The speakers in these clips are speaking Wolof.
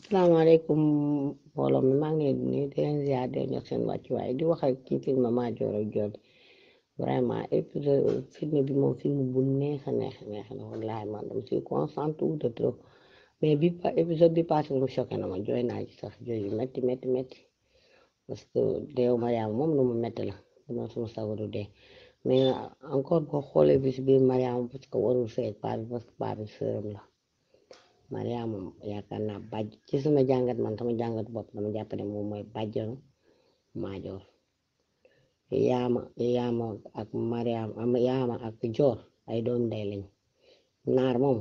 asalaamaaleykum mbooloo mi maa ngi leen di nuyu di leen ziar di wax ak ci film Madior ak Dione vraiment épisode bi moom film bu neex a neex a neex la wallaahi man dama si concentré wu de trop mais bi épisode bi passé moom choqué na ma jooy naa sax jooy yu métti métti métti parce que deewu Mariama moom lu mu métti la dama suma sawaru dee mais encore boo xoolee bis bi Mariama parce que warul seet paa bi parce que sërëm la. Mariama yaakaar naa bàjj ci sama jàngat man sama jàngat bopp dama jàpp ne moom mooy bàjjanu Maajoor yaama yaama ak Mariama yaama ak Joor ay doom day lañ naar moom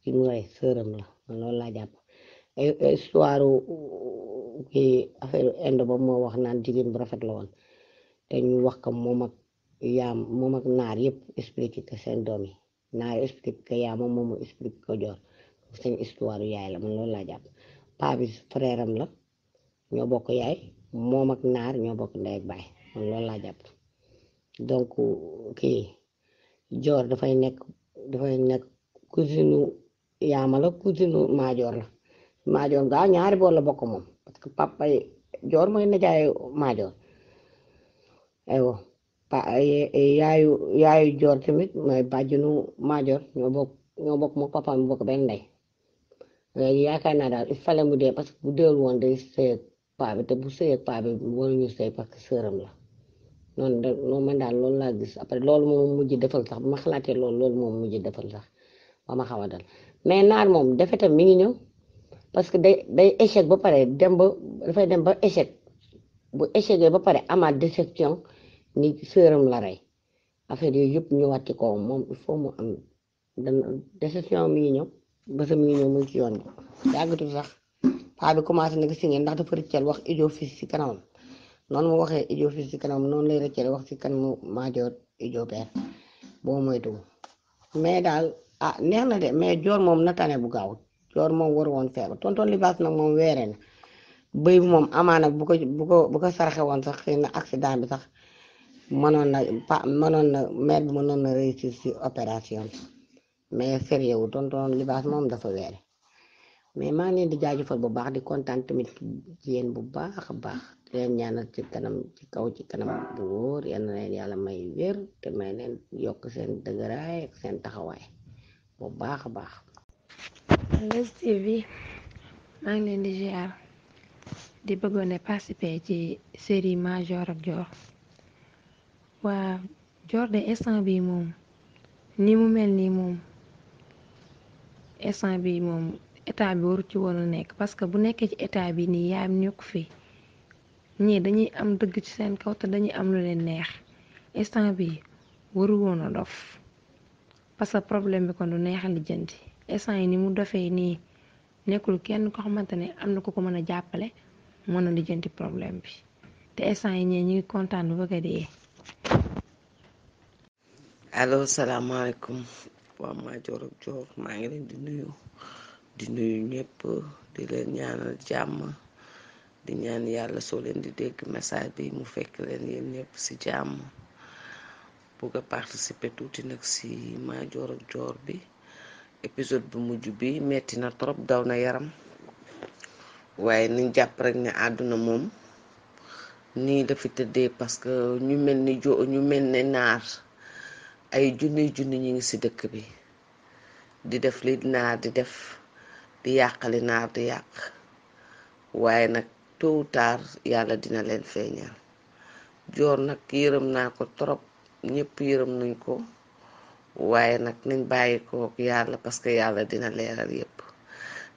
ci mooy sërëm la man loolu laa jàpp histoire ba moo wax naan jigéen bu rafet la woon te ñu wax ko moom ak yaam moom ak naar yëpp expliqué que seen doom yi naar expliqué que yaama moom expliqué ko Joor seen histoire yaay la man loolu laa jàpp paa bi la ñoo bokk yaay moom ak naar ñoo bokk ndey ak baay man loolu laa jàpp donc kii joor dafay nekk dafay nekk cousinu yaama la cousinu maajoor la maajoor gaa ñaari boor la bokk moom parce que papa yi joor mooy najaayu maajoor aywa pa yaayu yaayu joor tamit mooy bàjjunu maajoor ñoo bokk ñoo bokk moom papa mi bokk benn ndey léegi yaakaar naa daal il fallait mu dee parce que bu deewul woon day sëy ak te bu sëy ak paa bi waruñu sëy parce que la noonu man daal loolu laa gis après loolu moom mujj defal sax bu ma xalaatee loolu loolu moom mujj defal sax ba ma xaw a dal mais naar moom defetam mi ngi ñëw parce que day day échec ba pare dem ba dafay dem ba échec bu échecgee ba pare amaat déception ni sëram la rey affaire yooyu yëpp ñëwaat ci kawam moom il faut mu am dana déception mi ngi ñëw. bësam ngi ñëw mu ci yoon bi yàggatul sax paa bi commencé na si ngeen ndax dafa rëccal wax idio fis si kanamam noonu mu waxee idio fis si kanamam noonu lay rëccal wax si kanamu maajoor idio peer boo moytu mais daal ah neex na de mais joor moom na tane bu gaaw joor moom waru woon feebar tonton libaas nag moom weeree na bëy bi moom amaana bu ko bu ko bu ko saraxe woon sax xëy na accident bi sax mënoon na pa mënoon na maire bi mënoon na réussir si opération mais sérieux wu tonton libaas moom dafa weere mais maa ngi leen di jaajëfal bu baax di kontaan tamit ci bu baax a baax di leen ñaanal ci kanam ci kaw ci kanam bu wóor yal na leen yàlla may wér te may leen yokk seen dëgëraay ak seen taxawaay bu baax a baax. Leuz TV maa ngi leen di ziar di bëggoon ne participer ci série Madior ak Dior waa Dior de instant bi moom ni mu mel nii moom. instant bi moom état bi waru ci woon a nekk parce que bu nekkee ci état bi nii yaayam nekk fii ñii dañuy am dëgg ci seen kaw te dañuy am lu leen neex instant bi waru woon a dof parce que problème bi kon du neex a lijjanti instant yi ni mu dofee nii nekkul kenn ko xamante ne am na ko ko mën a jàppale mën a lijjanti problème bi te instant yi ñee ñu ngi kontaan bu bëgg dee. allo salaamaaleykum waa Madior ak Dior maa ngi leen di nuyu di nuyu ñëpp di leen ñaanal jàmm di ñaan yàlla soo leen di dégg message bi mu fekk leen yéen ñëpp ci jàmm bugg a participer tuuti nag ci Madior ak Dior bi épisode bu mujj bi metti na trop daw na yaram waaye niñ jàpp rek ne àdduna moom nii dafi tëddee parce que ñu mel ni jo ñu mel ne naar ay junni junni ñu ngi ci dëkk bi di def li naar di def di yàqali naar di yàq waaye nag tôt ou tard yàlla dina leen feeñal joor nag yërëm naa ko trop ñëpp yërëm nañ ko waaye nag nañ bàyyi ko yàlla parce que yàlla dina leeral yépp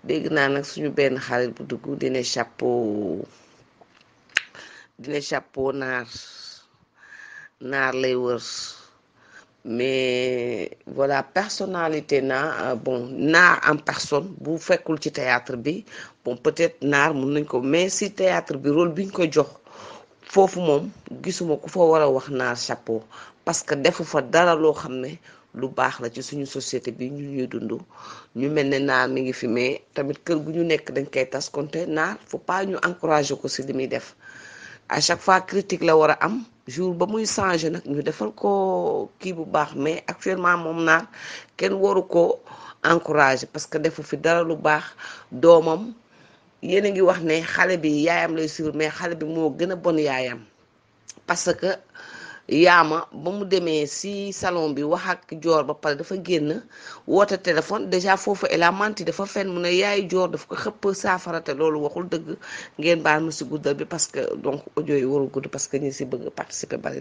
dégg naa nag suñu benn xarit bu dugg dina chapeau dina chapeau naar naar lay wër mais voilà personnalité naa euh, bon naar en personne bu fekkul ci théâtre bi bon peut-être naar mun nañ ko mais si théâtre bi rôle bi ñu ko jox foofu moom gisuma ku fa war a wax naar chapeau parce que defu fa dara loo xam ne lu baax la ci suñu société bi ñu ñuy dund ñu mel ne naar mi ngi fi mais tamit kër gu ñu nekk dañ koy tas konte naar faut pas ñu encourager ko si li muy def à chaque fois critique la war a am jour ba muy changé nag ñu defal ko kii bu baax mais actuellement moom naa kenn waru ko encouragé parce que defu fi dara lu baax doomam yéen a ngi wax ne xale bi yaayam lay suivre mais xale bi moo gën a bon yaayam parce que yaama ba mu demee si salon bi wax ak joor ba pare dafa génn woote téléphone déjà foofu elle a menti dafa fen mu ne yaay joor dafa ko xëpp saafara te loolu waxul dëgg ngeen baal ma si guddal bi parce que donc ojo yi warul gudd parce que ñu si bëgg participer bari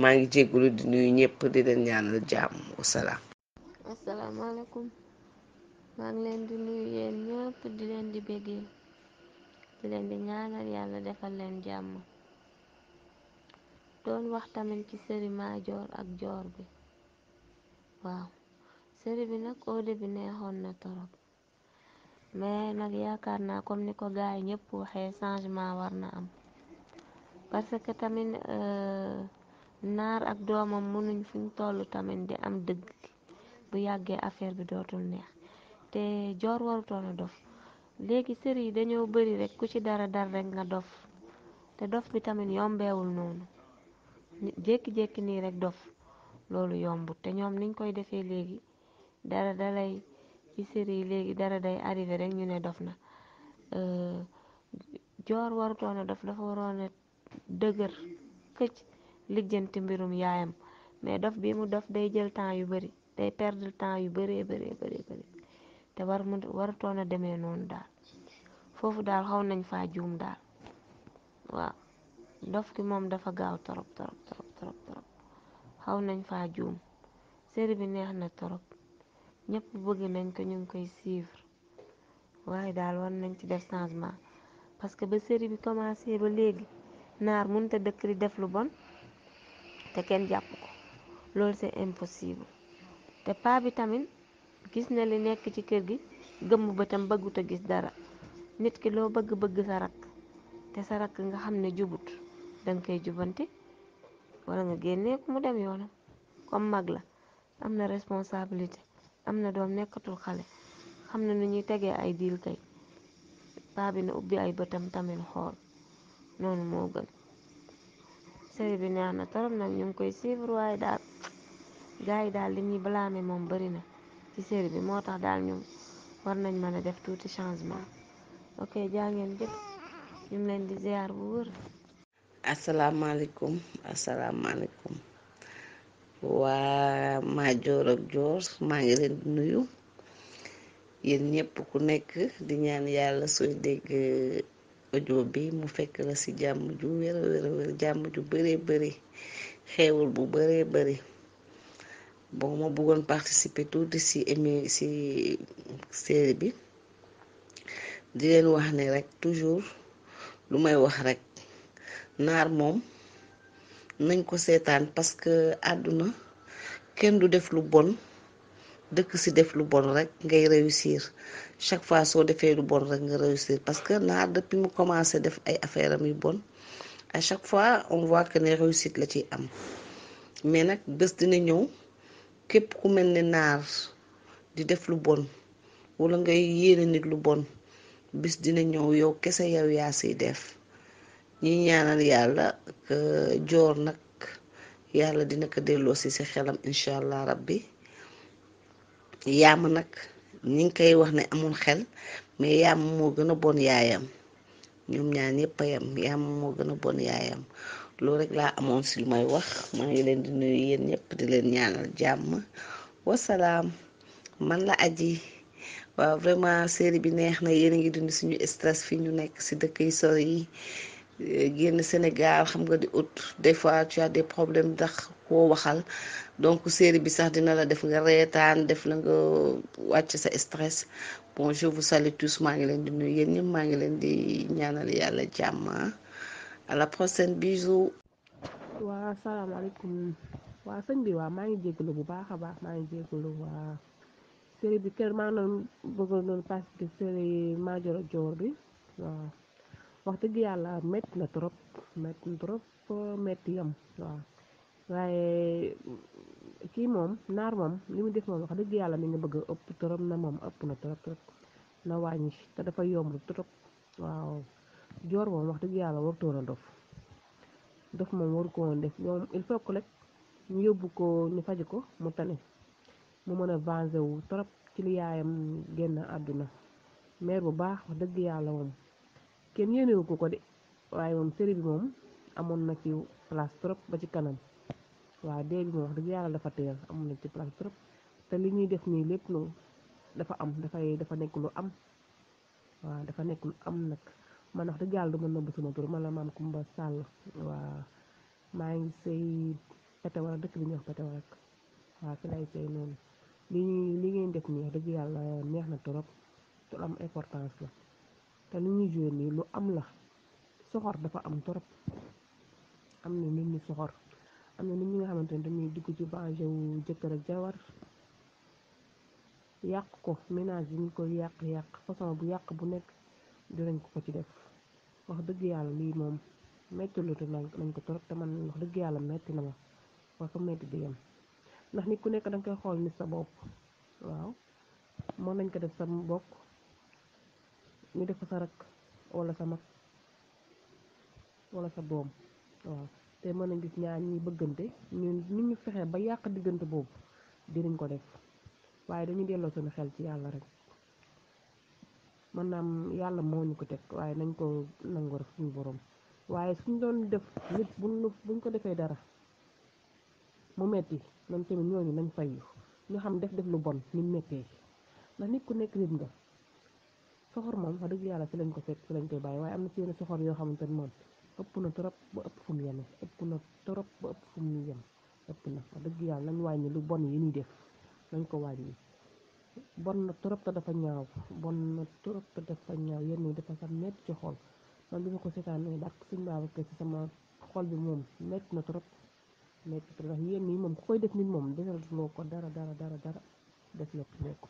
maa ngi jéggulu di nuyu ñëpp di leen ñaanal jàmm wasalaam. asalaamaaleykum maa ngi leen di nuyu yéen ñëpp di leen di béggee di leen di ñaanal yàlla defal leen jàmm. doon wax tamit ci série joor ak joor bi waaw série bi nag au bi neexoon na torop mais nag yaakaar naa comme ni ko gaay ñëpp waxee changement war na am parce que tamit euh, naar ak doomam mënuñ fuñ toll tamit di am dëgg bu yàggee affaire bi dootul neex te Dior warutoon dof léegi série yi dañoo bëri rek ku ci dara dara rek nga dof te dof bi tamit yombeewul noonu jékki-jékki nii rek dof loolu yombut te ñoom niñ koy defee léegi dara ci série yi léegi dara day arrivé rek ñu ne dof na joor warutoon a dof dafa waroon a dëgër këcc lijjanti mbirum yaayam mais dof bi mu dof day jël temps yu bari day perdre temps yu bëree bëree te war mu warutoon a demee noonu daal foofu daal xaw nañ faa juum daal waaw dof gi moom dafa gaaw torop torop torop torop torop xaw nañ faa juum série bi neex na torop ñëpp bëgg nañ ko ñu ngi koy suivre waaye daal war nañ ci def changement parce que ba série bi commencé ba léegi naar mënut a dëkk di def lu bon te kenn jàpp ko loolu c'est impossible te paa bi tamit gis na li nekk ci kër gi gëmm bëtam bëggut a gis dara nit ki loo bëgg-bëgg sa rakk te sa rakk nga xam ne jubut danga koy jubanti wala nga génnee ku mu dem yoonam comme mag la am na responsabilité am na doom nekkatul xale xam na nu ñuy tegee ay diil kay paa bi na ubbi ay bëtam tamit xool noonu moo gën série bi neex na torop nag ñu koy suivre waaye daal gars yi daal li ñuy mi moom bari na ci série bi moo tax daal ñoom war nañ mën def tuuti changement ok jaa ngeen jëf leen di ziar bu wër asalaamaaleykum asalaamaaleykum waa Madior ak Dior maa ngi leen nuyu yéen ñépp ku nekk di ñaan yàlla sooy dégg eh, audio bi mu fekk la ci jàmm ju wér a wér jàmm ju bëree bëri xeewul bu bëree bëri bon ma bëggoon participer tuuti ci émi ci série bi di leen wax ne rekk toujours lu may wax rekk naar moom nañ ko seetaan parce que àdduna kenn du def lu bon dëkk si def lu bon rek ngay réussir chaque fois soo defee lu bon rek nga réussir parce que naar depuis mu commencé def ay affaire am yu bon à chaque fois on voit que ne réussite la ciy am mais nag bés dina ñëw képp ku mel ne naar di def lu bon wala ngay yéene nit lu bon bis dina ñëw yow kese yow yaa siy def ñi ñaanal yàlla joor nag yàlla dina ko delloosi si si xelam incha allah rabbi yàmm nag ñi ngi koy wax ne amoon xel mais yaam moo gën a bon yaayam ñoom ñaar ñëpp a yam moo gën a bon yaayam loolu rek laa amoon si lu may wax maa ngi leen di nuyu yéen ñëpp di leen ñaanal jàmm wasalaam man la aji waaw vraiment série bi neex na yéen a ngi dund suñu stress fi ñu nekk si dëkk yi sori yi génn Sénégal xam nga di ut des fois tu as des problèmes ndax koo waxal donc série bi sax dina la def nga reetaan def la nga wàcc sa stress bon je vous salue maa ngi leen di nuyu yéen ñëpp maa ngi leen di ñaanal yàlla jàmm ah. à la prochaine bisous. waa salaamaaleykum waa sëñ bi waa maa ngi jégalu bu baax a baax maa ngi jégalu waa série bi kër maa ngi doon bëggoon doon série Madior ak Dior bi waaw. wax dëgg yàlla métti na trop métti na trop yam waaw waaye kii moom naar moom li mu def moom wax dëgg yàlla mi bëgg a na moom ëpp na trop na wàññi te dafa yomb trop waaw moom wax dëgg yàlla warutoon a dof moom waru ko woon def ñoom il faut que rek ñu yóbbu ko ñu faj ko mu tane mu mën a venger wu trop ci li yaayam génn àdduna mère bu baax wax dëgg yàlla moom kenn yéenewu ko ko de waaye moom série bi moom amoon na ci place trop ba ci kanam waaw dee bi moom wax dëgg yàlla dafa teel amoon na ci place trop te li ñuy def nii lépp lu dafa am dafay dafa nekk lu am waaw dafa nekk lu am nag man wax dëgg yàlla du ma nëbb sama man la maam Kumba Sall maa ngi sëy Petewara dëkk bi ñuy wax Petewara rek waaw fi lay sëy noonu li ñuy dëgg yàlla neex na trop te am importance la te lu ñu joué nii lu am la soxor dafa am torop am na nit ñu soxor am na nit ñu nga xamante ne dañuy dugg ci vengé wu jëkkër ak jawar yàq ko menage yi ñu koy yàq yàq façon bu yàq bu nekk dinañ ko ko ci def wax dëgg yàlla lii moom metti lu te nañ ko torop te man wax dëgg yàlla metti na ma waaw fa metti di yem ndax nit ku nekk danga koy xool ni sa bopp waaw mën nañ ko def sa bopp ñu def ko sa rak wala sa mag wala sa doom waaw te mën a gis ñaa ñi bëggante ñun nit ñu fexe ba yàq diggante boobu dinañ ko def waaye dañu delloo suñu xel ci yàlla rek maanaam yàlla moo ñu ko teg waaye nañ koo nangu rek suñu borom waaye suñ doon def nit buñ buñ ko defee dara mu metti nañ tamit ñooñu nañ fayyu ñu xam def def lu bon ni mettee ndax nit ku nekk nit nga soxor moom wax dëgg yàlla si lañ ko fekk koy bàyyi waaye am na si yenn soxor yoo xamante ni moom ëpp na trop ba ëpp fu mu yemee ëpp na trop ba ëpp fu mu ëpp na dëgg yàlla nañ wàññi lu bon yi ñuy def nañ ko wàññi bon na trop te dafa ñaaw na trop te dafa ñaaw yenn yi dafa sax métti ci xol man bi ma ko seetaanee bark suñu Babacar si sama xol bi moom métti na trop métti trop ndax yenn yi moom ku koy def nit moom defal loo ko dara dara dara dara def la ko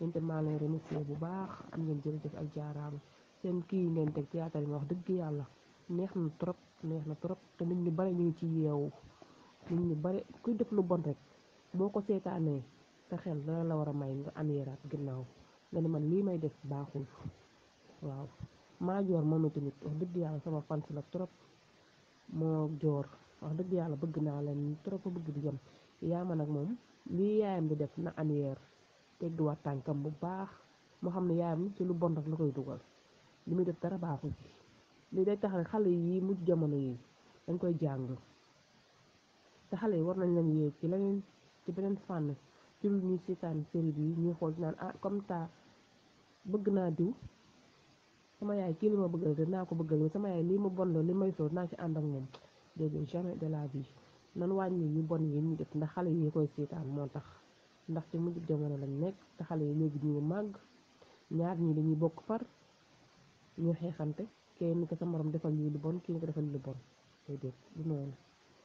yéen tam maa bu baax am ngeen jërëjëf ak jaaraama seen kii yi ngeen teg théâtre bi wax dëgg yàlla neex na trop neex na trop te nit ñu bare ñu ngi ci yeewu nit ñu bare kuy def lu bon rek boo ko seetaanee sa xel dana la war a may nga am yaraat ginnaaw nga ne man lii may def baaxul waaw maa joor moom tamit wax dëgg yàlla sama fans la trop moo joor wax dëgg yàlla bëgg naa leen trop bëgg di jëm yaa ma nag moom lii yaayam di def na am teggiwaat tànkam bu baax moo xam ne yaayam ci lu bon rek la koy dugal li muy def dara baaxul ci lii day tax rek xale yi mu jamono yi dañ koy jàng te xale yi war nañ leen yee ci ci beneen fànn ci lu ñuy seetaan série bi ñuy xool naan ah bëgg naa diw sama yaay kii li ma bëgg rek dinaa ko bëggal sama yaay lii ma bon la li may soo naa ci ànd ak moom déedéet jamais de la vie nan wàññi yu bon yi ñu def ndax xale yi koy seetaan moo tax ndax ci mujj jamono lañ nekk te xale yi léegi ñu ngi màgg ñaar ñi dañuy bokk far ñu xeexante kenn ko sa morom defal lii lu bon kenn ko defal lii lu bon déedéet du noonu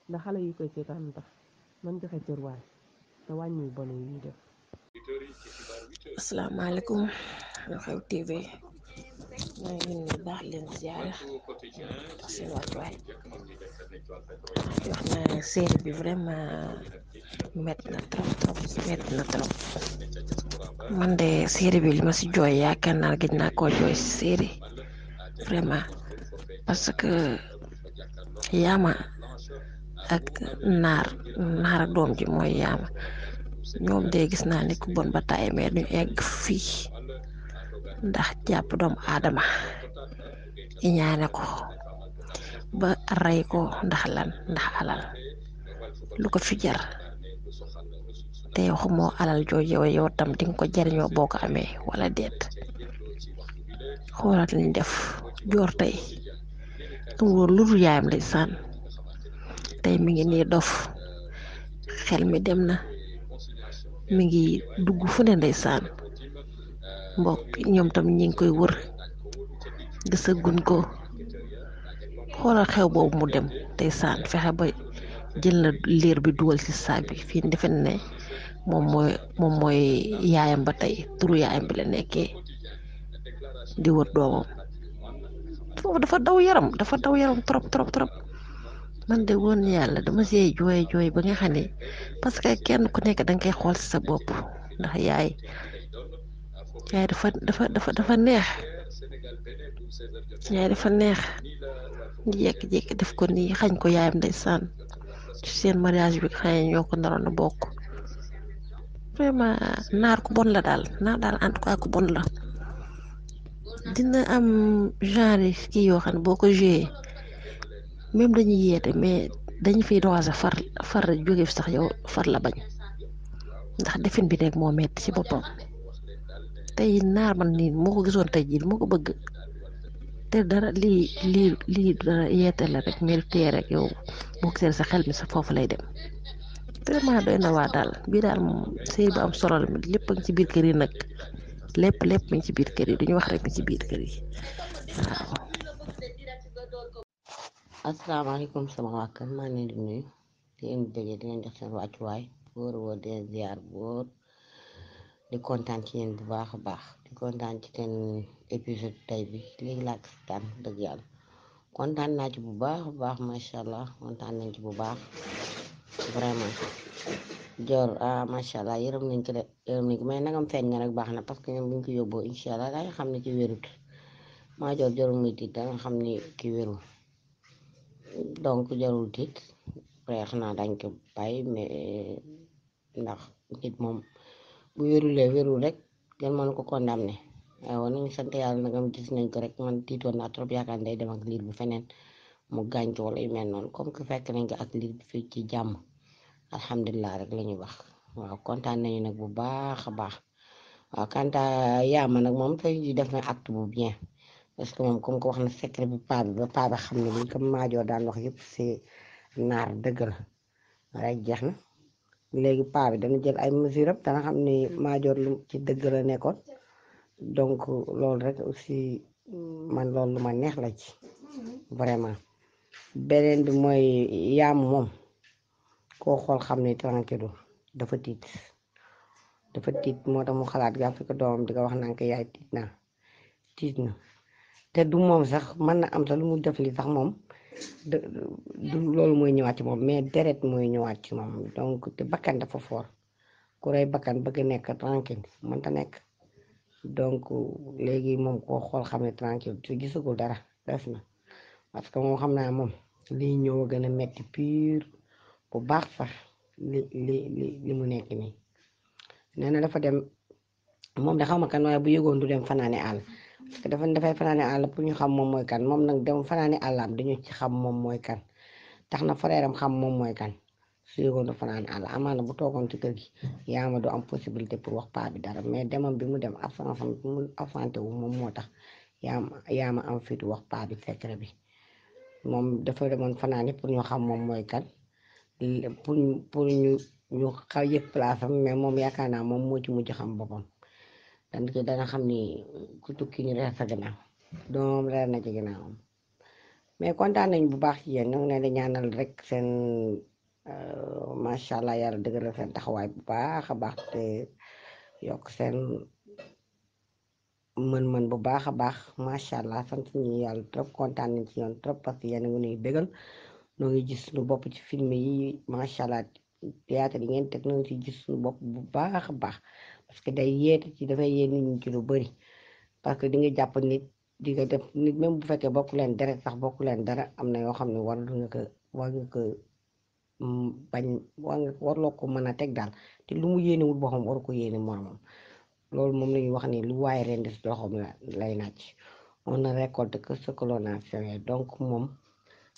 ndax xale yi koy seetaan tax man joxe cër te wàññi bon yi ñuy def asalaamaaleykum Lu Xew TV maa ngi baax leen ziara seen wàccuwaay wax naa bi vraiment met na trop trop met trop man de bi li ma si jooy yaakaar naa gëj naa koo jooy si série vraiment parce que yaama ak naar naar doom ji mooy yaama ñoom de gis naa ni ku bon ba taay mais duñu fii. ndax jàpp doomu aadama iñaane ko ba rey ko ndax lan ndax alal lu ko fi te xamoo alal jooju yow tam di ko jariñoo boo ko amee wala deet xoolaat lañ def joor tey amul lu dul yaayam lay saan tey mi ngi nii dof xel mi dem na mi ngi dugg fu ne ndeysaan mbokk ñoom tamit ñi ngi koy wër gisaguñ ko xoolal xew boobu mu dem tey saan fexe ba jël na liir bi dugal ci saa bi fii defe ne moom mooy yaayam ba tey turu yaayam bi la nekkee di wër doomam foofu dafa daw yaram dafa daw yaram trop trop trop man de woon yàlla dama see jooy jooy ba nga xam ne parce que kenn ku nekk danga koy xool ci sa bopp ndax yaay yaay dafa dafa dafa neex yaay dafa neex di jékki def ko nii xañ ko yaayam ndeysaan ci seen mariage bi xañ ñoo ko naroon a bokk vraiment naar ku bon la daal naar daal en tout cas ku bon la dina am genre kii yoo xam ne boo ko joué même dañuy yeete mais dañ fiy doise far far jóge sax yow far la bañ ndax defin bi rek moo metti ci boppam. tey naar man nii moo ko gisoon tey jii moo ko bëgg te dara lii lii lii dara yeete la rek mel tee rek yow boo gisee sa xel mi sa foofu lay dem vraiment doy na waa daal bii daal moom bu am solo la lépp ci biir kër yi nag lépp lépp mi ngi ci biir kër yi duñu wax rek mi ci biir kër yi waaw. sama waa di kontaan ci yéen bu baax a baax di kontaan ci seen épisode tey bi léegi laa seetaan dëgg yàlla kontaan naa ci bu baax bu baax macha allah kontaan nañ ci bu baax vraiment Dior ah macha allah yërëm nañ ci de mais nagam feeñ na rek baax na parce que ñoom bu ñu ko yóbboo incha allah daañu xam ne ci wérut maa Dior jarul muy tiit xam ni ki wérul donc jarul tiit après xanaa dañ ko bàyyi mais ndax nit moom. bu wérulee wérul rek ngeen mën ko condamné waaw nañu sant yàlla nagam gis nañ ko rek man tiitoon naa trop yaakaar day dem ak liir bu feneen mu gànc wala yu mel noonu comme que nañ ko ak liir bi ci jàmm alhamdulilah rek la ñuy wax waaw kontaan nañu nag bu baax a baax waaw kanta yaama nag moom te jii def na acte bu bien parce que moom comme que wax na secret bu paa bi ba paa xam ne li ko maajoo daan wax yëpp si naar dëgg la rek jeex na léegi paa bi dana jël ay mesure am dana xam ni hmm. maajoor lu ci dëgg la nekkoon donc loolu rek aussi man loolu lu ma neex la ci hmm. vraiment beneen bi mooy yaam moom koo xool xam ni tranquille dafa tiit dafa tiit moo tax mu xalaat gaa fekk doomam di ko wax naan ko yaay tiit naa tiit na te du moom sax mën na am sax lu mu def li sax moom du loolu mooy ñëwaat ci moom mais deret mooy ñëwaat ci moom donc te bakkan dafa foor ku rey bakkan bëgg nekk tranquille ta nekk donc léegi moom koo xool xam ne tranquille su gisagul dara des na parce que moom xam naa moom lii ñëw gën a metti pire bu baax sax li mu nekk nii nee na dafa dem moom de xam ma kan waaye bu yëgoon du dem fanaane àll parce que dafa dafay fanaane pour ñu xam moom mooy kan moom nag dem fanaane àllam dañu ci xam moom mooy kan tax na frère am xam moom mooy kan su yëgoon du fanaane àll bu toogoon ci kër gi yaa ma du am possibilité pour wax paa bi dara mais demam mu dem absence am bi mu moom moo tax yaa ma ma am fitu wax paa bi secret bi moom dafa demoon fanaane pour ñu xam moom mooy kan pour pour ñu ñu xaw yëg place am mais moom yaakaar naa moom moo ci mujj xam boppam. dan ki dana xam ni ku tukki ñu reer sa gannaaw doom reer na ci gannaawam mais kontaan nañ bu baax ci yéen ñoo ngi leen di ñaanal rek seen euh, macha allah yàlla dëgëral seen taxawaay bu baax a baax te yokk seen mën-mën bu baax a baax macha allah sant ñu yàlla trop kontaan nañ ci yoon trop parce que yéen a ngi nuy bégal noo ngi gis suñu bopp ci film yi macha allah théâtre yi ngeen teg noo ngi ci gis bopp bu baax a baax parce que day yeete ci dafay yee nit ñi ci lu bëri parce que di nga jàpp nit di nga def nit même bu fekkee bokk leen deret sax bokk leen dara am na yoo xam ne war nga ko war mm, bañ war nga ko mën a teg daal te lu mu yéenewul boo xam waru ko yéene moromam loolu moom la ñuy wax ni lu waaye ren def la lay naaj on ne récolte que ce que l'on donc moom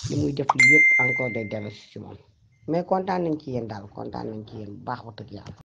li muy def li yëpp encore day dellu si moom mais kontaan nañ ci yéen daal kontaan nañ ci yéen bu baax wax dëgg yàlla